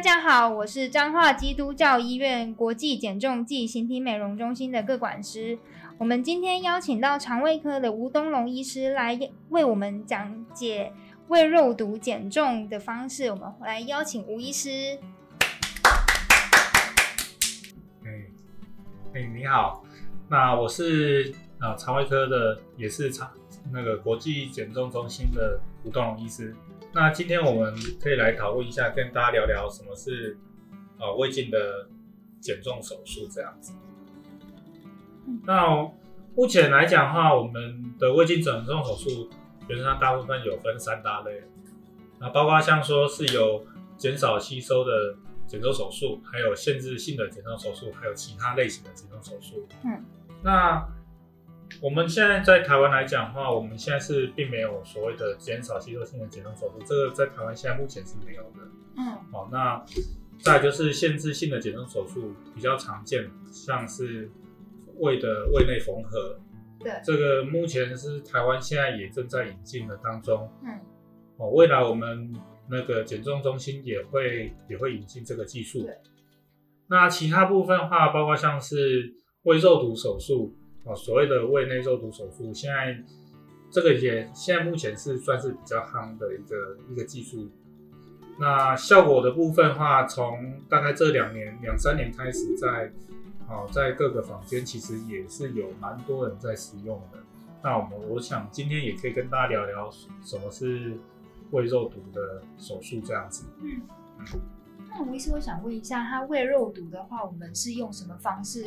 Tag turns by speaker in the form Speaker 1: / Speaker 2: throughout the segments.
Speaker 1: 大家好，我是彰化基督教醫院國際減重暨形體美容中心的個管師。我們今天邀請到腸胃科的吳東龍醫師來為我們講解胃肉毒減重的方式。我們來邀請吳醫師。哎，
Speaker 2: 哎，你好。那我是啊腸胃科的，也是腸那個國際減重中心的吳東龍醫師。那今天我們可以來討論一下，跟大家聊聊什麼是啊、哦、胃鏡的減重手術這樣子。嗯、那目前來講的話，我們的胃鏡減重手術其實它大部分有分三大類，那包括像說是有減少吸收的減重手術，還有限制性的減重手術，還有其他類型的減重手術。嗯，那。我們現在在台灣來講的話，我們現在是並沒有所謂的減少吸收性的減重手術，這個在台灣現在目前是沒有的。嗯，好，那再就是限制性的減重手術比較常見，像是胃的胃內縫合，對，這個目前是台灣現在也正在引進的當中。嗯，哦，未來我們那個減重中心也會也會引進這個技術。那其他部分的話，包括像是胃肉毒手術。哦，所謂的胃內肉毒手術，現在這個也現在目前是算是比較夯的一個一個技術。那效果的部分的話，從大概這兩年兩三年開始在，在哦在各個房間其實也是有蠻多人在使用的。那我們我想今天也可以跟大家聊聊什麼是胃肉毒的手術這樣子。
Speaker 1: 嗯。那吳醫師，我想問一下，他胃肉毒的話，我們是用什麼方式？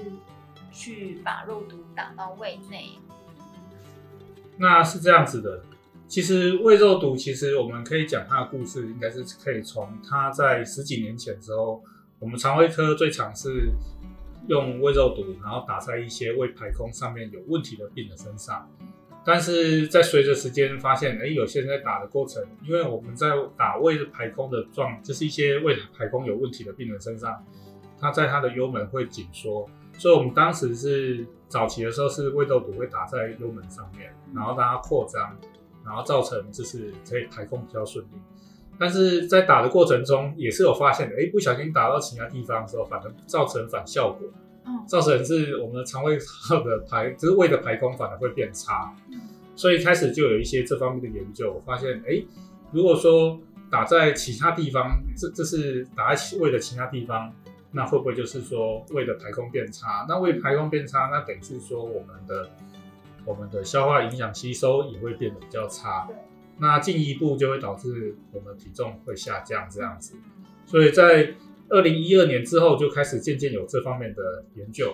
Speaker 1: 去
Speaker 2: 把肉毒打到胃內，那是這樣子的。其實胃肉毒，其實我們可以講它的故事，應該是可以從它在十幾年前的時候，我們腸胃科最常是用胃肉毒，然後打在一些胃排空上面有問題的病人身上。但是在隨着時間發現，哎、欸，有些人在打的過程，因為我們在打胃排空的狀，就是一些胃排空有問題的病人身上，他在他的幽門會緊縮。所以，我們當時是早期的時候是胃竇部會打在幽門上面，然後讓它擴張，然後造成就是可以排空比較順利。但是在打的過程中也是有發現的，哎、欸，不小心打到其他地方的時候，反而造成反效果，嗯，造成是我們的腸胃上的排，就是胃的排空反而會變差。所以開始就有一些這方面的研究，我發現，哎、欸，如果說打在其他地方，這這是打在胃的其他地方。那會不會就是說胃的排空變差？那胃排空變差，那等於是說我們的我們的消化、營養、吸收也會變得比較差。那進一步就會導致我們體重會下降這樣子。所以在二零一二年之後就開始漸漸有這方面的研究，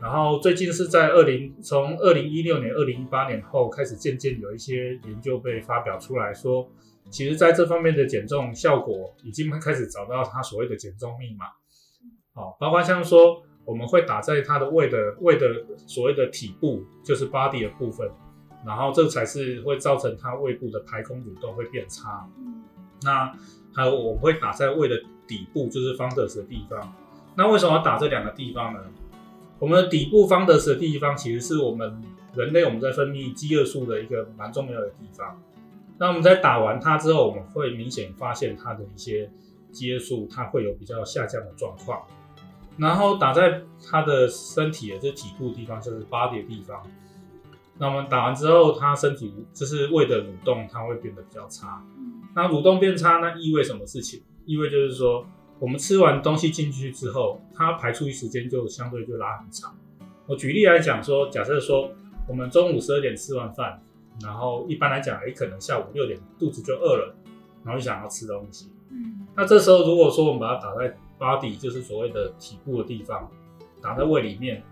Speaker 2: 然後最近是在二零，從二零一六年、二零一八年後開始漸漸有一些研究被發表出來說，說其實在這方面的減重效果已經開始找到它所謂的減重密碼。好，包括像說我們會打在它的胃的胃的所謂的體部，就是 body 的部分，然後這才是會造成它胃部的排空蠕動會變差。那還有我們會打在胃的底部，就是 fundus 的地方。那為什麼要打這兩個地方呢？我們的底部 fundus 的地方，其實是我們人類我們在分泌飢、飢餓素的一個蠻重要的地方。那我們在打完它之後，我們會明顯發現它的一些飢餓素，它會有比較下降的狀況。然後打在他的身體的這幾部地方，就是 body 的地方。那我們打完之後，他身體就是胃的蠕動，它會變得比較差。嗯。那蠕動變差，那意味什麼事情？意味就是說，我們吃完東西進去之後，他排出的時間就相對就拉很長。我舉例來講說，假設說我們中午十二點吃完飯，然後一般來講，也可能下午六點肚子就餓了，然後就想要吃東西。嗯。那這時候如果說我們把它打在 Body 就是所謂的體部的地方，打在胃裡面，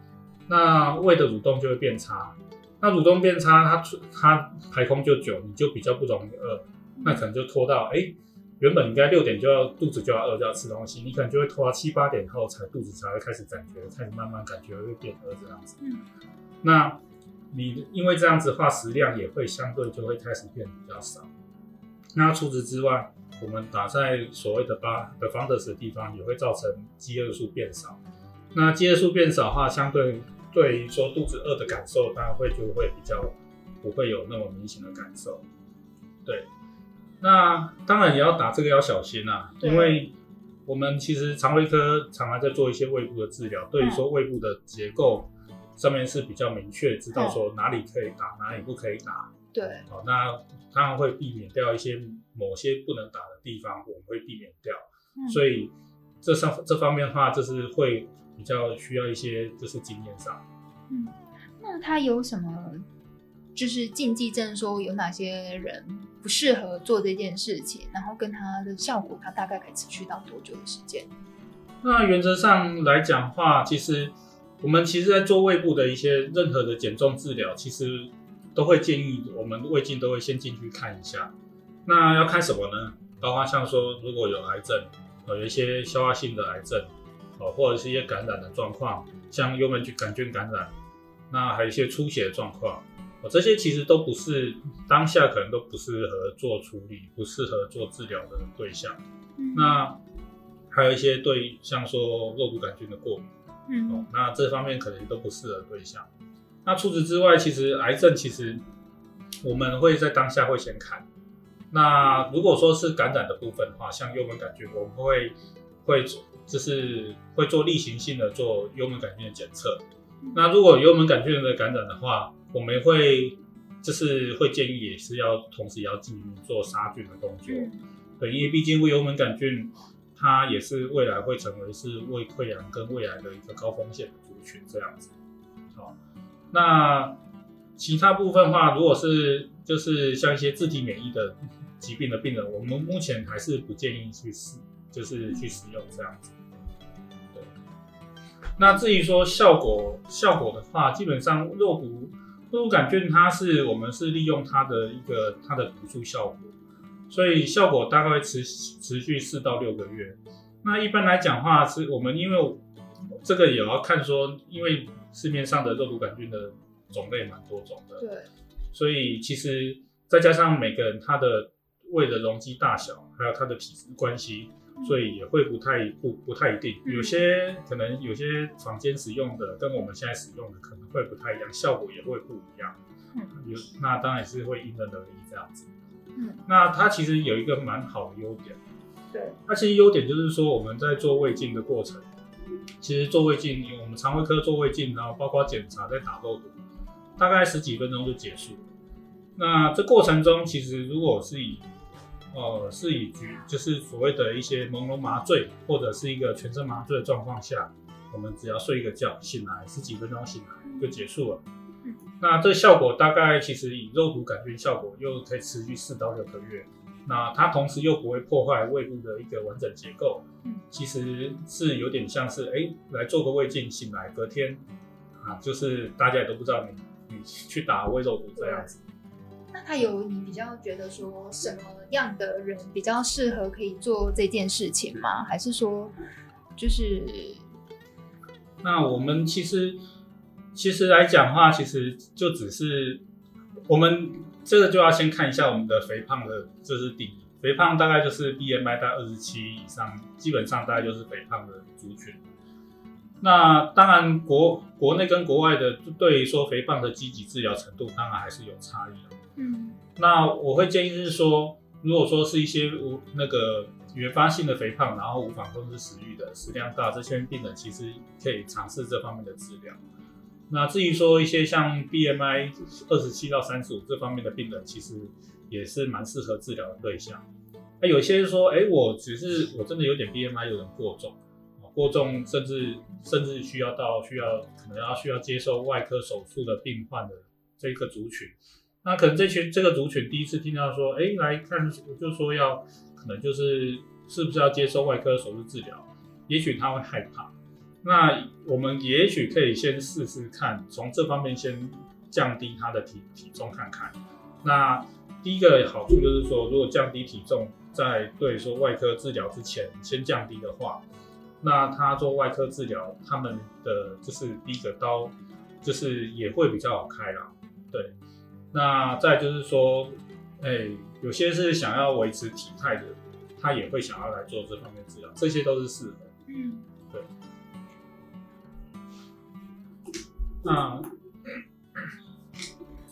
Speaker 2: 那胃的蠕動就會變差，那蠕動變差，它它排空就久，你就比較不容易餓，那可能就拖到哎、欸，原本應該六點就要肚子就要餓就要吃東西，你可能就會拖到七八點後才肚子才會開始感覺開始慢慢感覺會變餓這樣子。那你因為這樣子的話食量也會相對就會開始變比較少。那除此之外。我們打在所謂的 body fundus 的地方，也會造成飢餓素變少。那飢餓素變少的話，相對對於說肚子餓的感受，它會就會比較不會有那麼明顯的感受。對，那當然也要打這個要小心啊，因為我們其實腸胃科常常在做一些胃部的治療，對於說胃部的結構上面是比較明確，知道說哪裡可以打，哪裡不可以打。對，好，那當然會避免掉一些某些不能打的地方，我們會避免掉。嗯，所以這上這方面的話，就是會比較需要一些就是經驗上。
Speaker 1: 嗯，那它有什麼就是禁忌症？說有哪些人不適合做這件事情？然後跟它的效果，它大概可以持續到多久的時間？
Speaker 2: 那原則上來講的話，其實我們其實在做胃部的一些任何的減重治療，其實。都會建議我們胃鏡都會先進去看一下，那要看什麼呢？包括像說如果有癌症，有一些消化性的癌症，哦，或者是一些感染的狀況，像幽門菌桿菌感染，那還有一些出血的狀況，哦，這些其實都不是當下可能都不適合做處理、不適合做治療的對象。嗯、那還有一些對像說肉毒桿菌的過敏，嗯、哦，那這方面可能都不適合對象。那除此之外，其實癌症其實我們會在當下會先看。那如果說是感染的部分的話，像幽門桿菌，我們會會就是會做例行性的做幽門桿菌的檢測。那如果幽門桿菌的感染的話，我們會就是會建議也是要同時也要進行做殺菌的工作，對，因為畢竟胃幽門桿菌它也是未來會成為是胃潰瘍跟胃癌的一個高風險的族群這樣子。那其他部分的話，如果是就是像一些自體免疫的疾病的病人，我們目前還是不建議去使，就是去使用這樣子。對。那至於說效果，效果的話，基本上肉毒肉毒桿菌它是我們是利用它的一個它的毒素效果，所以效果大概會持續持續四到六個月。那一般來講的話是我們因為這個也要看說因為。市面上的肉毒桿菌的種類蠻多種的，對，所以其實再加上每個人他的胃的容積大小，還有他的體質關係，所以也會不太不不太一定。有些可能有些坊間使用的跟我們現在使用的可能會不太一樣，效果也會不一樣。嗯，有那當然是會因人而異這樣子。嗯，那它其實有一個蠻好的優點，對，它其實優點就是說我們在做胃鏡的過程，其實做胃鏡，因為我們腸胃科做胃鏡，然後包括檢查再打肉毒，大概十幾分鐘就結束。那這過程中，其實如果是以，呃，是以局就是所謂的一些朦朧麻醉或者是一個全身麻醉的狀況下，我們只要睡一個覺，醒來十幾分鐘醒來就結束了。那這效果大概其實以肉毒桿菌效果又可以持續四到六個月。那它同時又不會破壞胃部的一個完整結構，嗯，其實是有點像是哎、欸，來做個胃鏡，醒來隔天，啊，就是大家也都不知道你你去打胃肉毒這樣子。
Speaker 1: 那它有你比較覺得說什麼樣的人比較適合可以做這件事情嗎？還是說就是？
Speaker 2: 那我們其實其實來講的話，其實就只是我們。這個就要先看一下我們的肥胖的，這、就是定義，肥胖大概就是 B M I 在二十七以上，基本上大概就是肥胖的族群。那當然國國內跟國外的，對於說肥胖的積極治療程度，當然還是有差異。嗯，那我會建議是說，如果說是一些無那個原發性的肥胖，然後無法控制食慾的，食量大，這些病人其實可以嘗試這方面的治療。那至於說一些像 BMI 27到35這方面的病人，其實也是蠻適合治療的對象。那、啊、有些人說，哎、欸，我只是我真的有點 BMI 有點過重，過重甚至甚至需要到需要可能要需要接受外科手術的病患的這個族群，那可能這群這個族群第一次聽到說，哎、欸，來看我就說要可能就是是不是要接受外科手術治療，也許他會害怕。那我們也許可以先試試看，從這方面先降低他的體體重看看。那第一個好處就是說，如果降低體重，在對說外科治療之前先降低的話，那他做外科治療，他們的就是第一個刀，就是也會比較好開朗，對，那再就是說，哎、欸，有些是想要維持體態的，他也會想要來做這方面治療，這些都是適合。
Speaker 1: 嗯。嗯，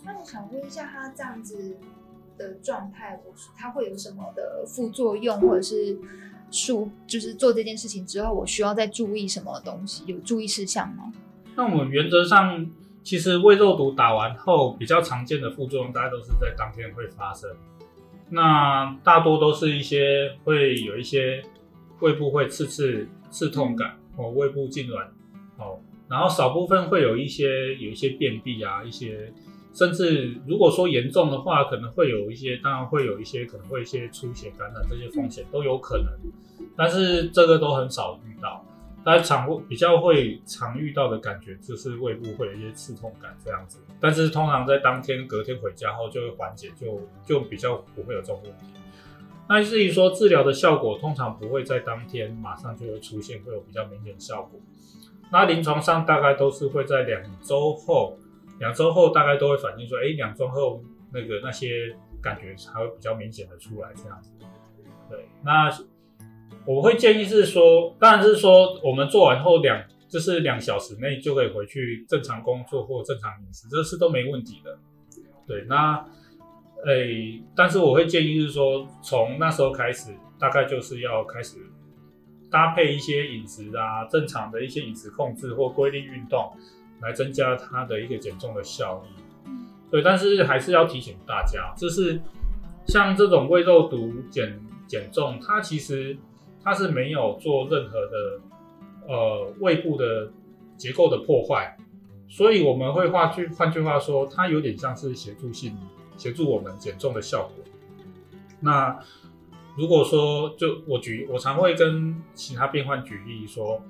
Speaker 1: 那我想問一下，它這樣子的狀態，我是它會有什麼的副作用，或者是術就是做這件事情之後，我需要再注意什麼東西？有注意事項嗎？那
Speaker 2: 我們原則上，其實胃肉毒打完後，比較常見的副作用，大概都是在當天會發生。那大多都是一些會有一些胃部會刺刺刺痛感或、哦、胃部痙攣哦。然後少部分會有一些有一些便秘啊，一些甚至如果說嚴重的話，可能會有一些，當然會有一些可能會一些出血、感染這些風險都有可能，但是這個都很少遇到。大家常會比較會常遇到的感覺就是胃部會有一些刺痛感這樣子，但是通常在當天、隔天回家後就會緩解，就就比較不會有這種問題。那至於說治療的效果，通常不會在當天馬上就會出現會有比較明顯的效果。那臨床上大概都是會在兩周後，兩周後大概都會反映說，欸，兩周後那個那些感覺才會比較明顯的出來這樣子。對，那我會建議是說，當然是說我們做完後兩，就是兩小時內就可以回去正常工作或正常飲食，這是都沒問題的。對，那，欸，但是我會建議是說，從那時候開始，大概就是要開始。搭配一些飲食啊，正常的一些飲食控制或規律運動，來增加它的一個減重的效益。對，但是還是要提醒大家，就是像這種胃肉毒減減重，它其實它是沒有做任何的呃胃部的結構的破壞，所以我們會話去換句話說，它有點像是協助性協助我們減重的效果。那。如果說就我舉，我常會跟其他病患舉例說，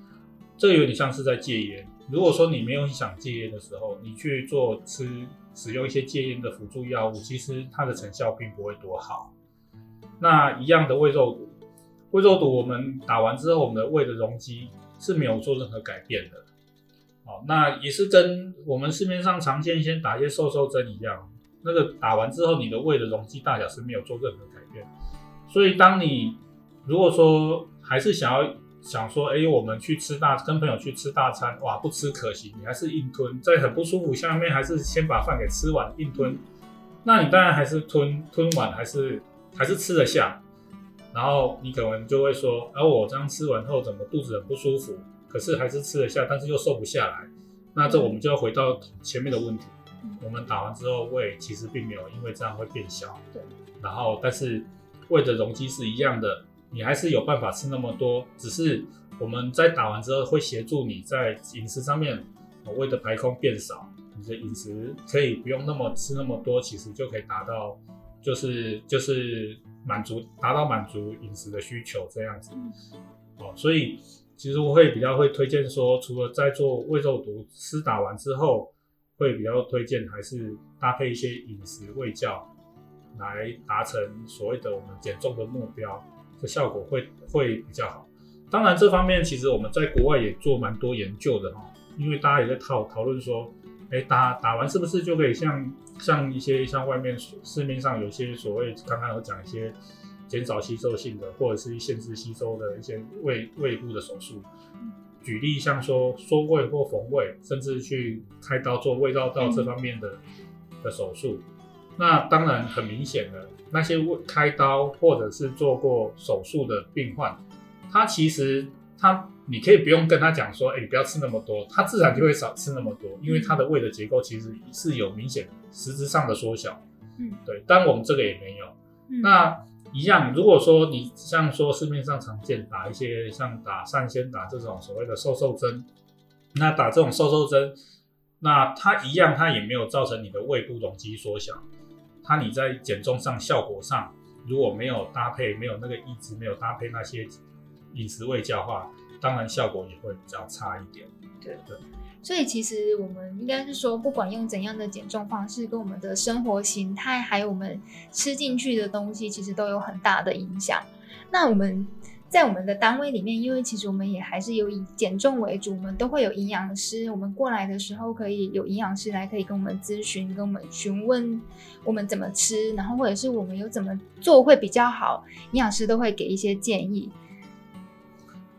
Speaker 2: 這有點像是在戒菸。如果說你沒有想戒菸的時候，你去做吃使用一些戒菸的輔助藥物，其實它的成效並不會多好。那一樣的胃肉毒，胃肉毒我們打完之後，我們的胃的容積是沒有做任何改變的。好，那也是跟我們市面上常見先打一些瘦瘦針一樣，那個打完之後，你的胃的容積大小是沒有做任何改變的。所以，當你如果說還是想要想說，哎、欸，我們去吃大，跟朋友去吃大餐，哇，不吃可惜，你還是硬吞，在很不舒服下面，還是先把飯給吃完，硬吞。
Speaker 1: 那你當然
Speaker 2: 還是吞吞完，還是還是吃得下。然後你可能就會說，啊，我這樣吃完後，怎麼肚子很不舒服，可是還是吃得下，但是又瘦不下來。那這我們就要回到前面的問題，我們打完之後，胃其實並沒有因為這樣會變小。然後，但是。胃的容積是一樣的，你還是有辦法吃那麼多，只是我們在打完之後會協助你在飲食上面，胃的排空變少，你的飲食可以不用那麼吃那麼多，其實就可以達到、就是，就是就是滿足達到滿足飲食的需求這樣子。哦，所以其實我會比較會推薦說，除了在做胃肉毒，吃打完之後會比較推薦還是搭配一些飲食衛教，來達成所謂的我們減重的目標，的效果會會比較好。當然，這方面其實我們在國外也做蠻多研究的哈，因為大家也在討討論說，哎，打打完是不是就可以像像一些像外面市面上有些所謂剛剛有講一些減少吸收性的，或者是限制吸收的一些胃胃部的手術，舉例像說縮胃或縫胃，甚至去開刀做胃繞道，道這方面的的手術。那當然很明顯的，那些胃開刀或者是做過手術的病患，他其實他你可以不用跟他講說，哎、欸，你不要吃那麼多，他自然就會少吃那麼多，因為他的胃的結構其實是有明顯實質上的縮小。嗯，對，但我們這個也沒有、嗯。那一樣，如果說你像說市面上常見打一些像打善纖打這種所謂的瘦瘦針，那打這種瘦瘦針，那它一樣它也沒有造成你的胃部容積縮小。它，你在減重上效果上，如果沒有搭配，沒有那個一直沒有搭配那些飲食衛教的話，當然效果也會比較差一點。對。對。
Speaker 1: 所以其實我們應該是說，不管用怎樣的減重方式，跟我們的生活形態，還有我們吃進去的東西，其實都有很大的影響。那我們。在我們的單位裡面，因為其實我們也還是有以減重為主，我們都會有營養師。我們過來的時候可以有營養師來，可以跟我們諮詢，跟我們詢問我們怎麼吃，然後或者是我們有怎麼做會比較好，營養師都會給一些建議。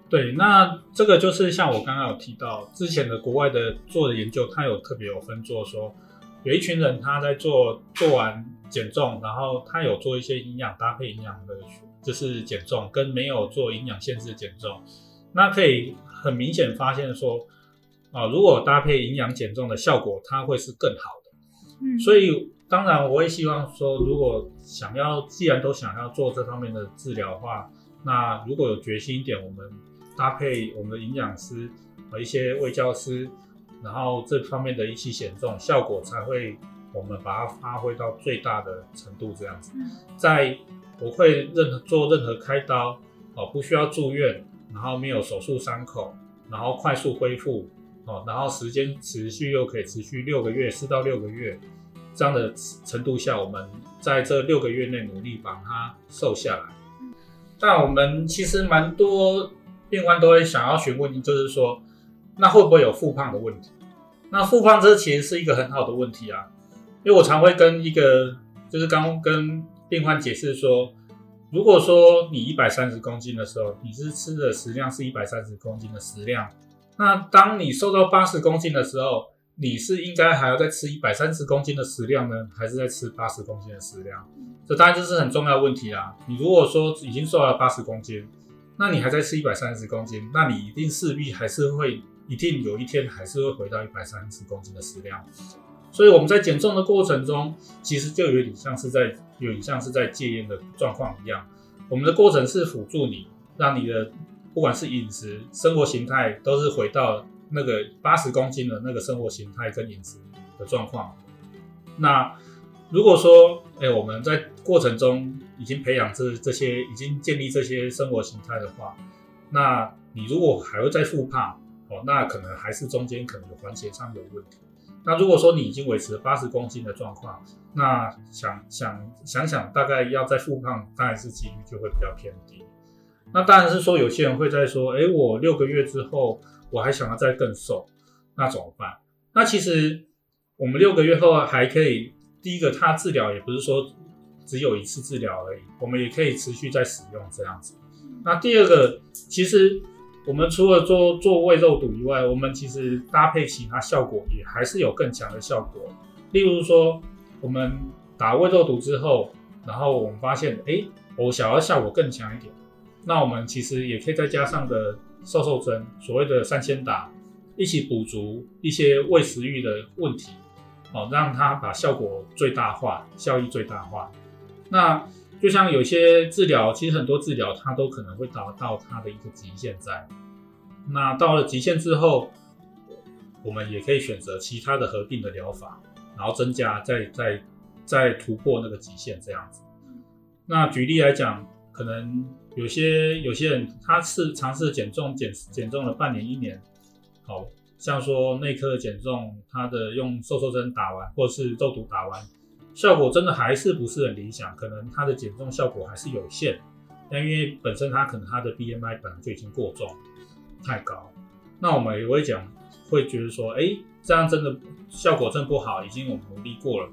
Speaker 2: 對，那這個就是像我剛剛有提到之前的國外的做的研究，他有特別有分做說，說有一群人他在做做完減重，然後他有做一些營養搭配營養的就是減重跟沒有做營養限制減重，那可以很明顯發現說，啊，如果搭配營養減重的效果，它會是更好的。嗯，所以當然我也希望說，如果想要既然都想要做這方面的治療的話，那如果有決心一點，我們搭配我們的營養師和一些衛教師，然後這方面的一起減重效果才會，我們把它發揮到最大的程度這樣子，嗯、在。不會任何做任何開刀哦，不需要住院，然後沒有手術傷口，然後快速恢復哦，然後時間持續又可以持續六個月，四到六個月這樣的程度下，我們在這六個月內努力把它瘦下來。但我們其實蠻多病患都會想要詢問，就是說，那會不會有復胖的問題？那復胖這其實是一個很好的問題啊，因為我常會跟一個就是剛跟。病患解釋說：“如果說你一百三十公斤的時候，你是吃的食量是一百三十公斤的食量，那當你瘦到八十公斤的時候，你是應該還要再吃一百三十公斤的食量呢，還是再吃八十公斤的食量？這當然就是很重要的問題啦，啊。你如果說已經瘦到八十公斤，那你還在吃一百三十公斤，那你一定勢必還是會一定有一天還是會回到一百三十公斤的食量。”所以我們在減重的過程中，其實就有點像是在有點像是在戒煙的狀況一樣。我們的過程是輔助你，讓你的不管是飲食、生活形態，都是回到那個八十公斤的那個生活形態跟飲食的狀況。那如果說，哎、欸，我們在過程中已經培養這這些，已經建立這些生活形態的話，那你如果還會再復胖，哦，那可能還是中間可能有環節上有問題。那如果說你已經維持了八十公斤的狀況，那想想，想想想，大概要再復胖，當然是幾率就會比較偏低。那當然是說，有些人會在說，哎，我六個月之後，我還想要再更瘦，那怎麼辦？那其實我們六個月後還可以，第一個，它治療也不是說只有一次治療而已，我們也可以持續再使用這樣子。那第二個，其實。我們除了做做胃肉毒以外，我們其實搭配其他效果也還是有更強的效果。例如說，我們打胃肉毒之後，然後我們發現，哎，我想要效果更強一點，那我們其實也可以再加上的瘦瘦針，所謂的三千打，一起補足一些胃食欲的問題，哦，讓它把效果最大化，效益最大化。那就像有些治療，其實很多治療它都可能會達到它的一個極限在。那到了極限之後，我們也可以選擇其他的合併的療法，然後增加再再再突破那個極限這樣子。那舉例來講，可能有些有些人他是嘗試減重減減重了半年一年，好像說內科的減重，他的用瘦瘦針打完或是肉毒打完。效果真的還是不是很理想，可能它的減重效果還是有限。但因為本身它可能它的 BMI 本來就已經過重，太高。那我們也會講，會覺得說，哎，這樣真的效果真不好，已經我們努力過了，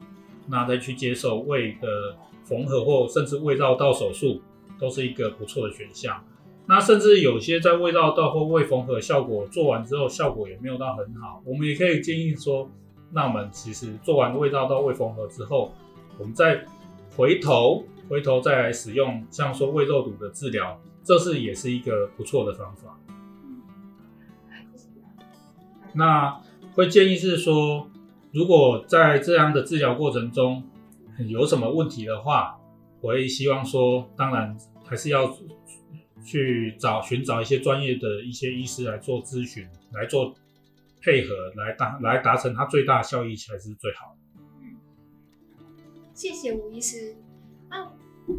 Speaker 2: 那再去接受胃的縫合或甚至胃繞道手術，都是一個不錯的選項。那甚至有些在胃繞道或胃縫合效果做完之後，效果也沒有到很好，我們也可以建議說。那我們其實做完胃道到胃縫合之後，我們再回頭回頭再來使用，像說胃肉毒的治療，這是也是一個不錯的方法。那會建議是說，如果在這樣的治療過程中有什麼問題的話，我也希望說，當然還是要去找尋找一些專業的一些醫師來做諮詢來做。配合來達來達成它最大效益才是最好。嗯，
Speaker 1: 謝謝吳醫師。啊，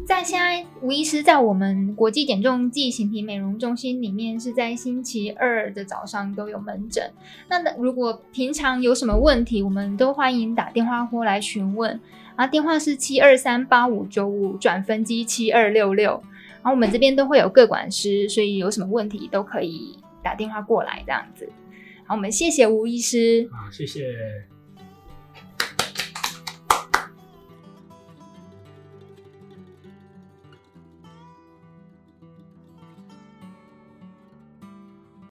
Speaker 1: 在現在吳醫師在我們國際減重暨形體美容中心裡面，是在星期二的早上都有門診。那如果平常有什麼問題，我們都歡迎打電話過來詢問。啊，電話是七二三八五九五轉分機七二六六。然後我們這邊都會有個管師，所以有什麼問題都可以打電話過來這樣子。好，我們謝謝吳醫師。
Speaker 2: 啊，謝謝。